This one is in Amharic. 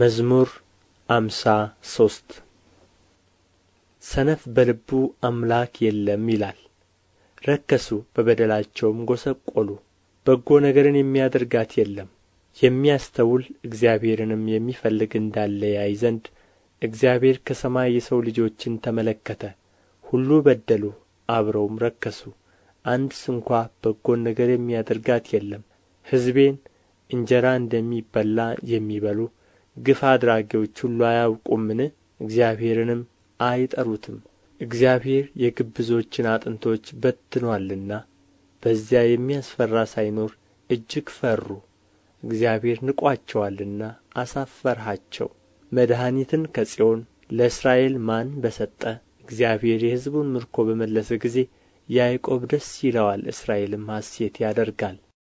መዝሙር አምሳ ሶስት ሰነፍ በልቡ አምላክ የለም ይላል ረከሱ በበደላቸውም ጐሰቈሉ በጎ ነገርን የሚያደርጋት የለም የሚያስተውል እግዚአብሔርንም የሚፈልግ እንዳለ ያይ ዘንድ እግዚአብሔር ከሰማይ የሰው ልጆችን ተመለከተ ሁሉ በደሉ አብረውም ረከሱ አንድ ስንኳ በጎን ነገር የሚያደርጋት የለም ሕዝቤን እንጀራ እንደሚበላ የሚበሉ ግፍ አድራጊዎች ሁሉ አያውቁምን እግዚአብሔርንም አይጠሩትም እግዚአብሔር የግብዞችን አጥንቶች በትኖአልና በዚያ የሚያስፈራ ሳይኖር እጅግ ፈሩ እግዚአብሔር ንቋቸዋልና አሳፈርሃቸው መድኃኒትን ከጽዮን ለእስራኤል ማን በሰጠ እግዚአብሔር የሕዝቡን ምርኮ በመለሰ ጊዜ ያዕቆብ ደስ ይለዋል እስራኤልም ሐሴት ያደርጋል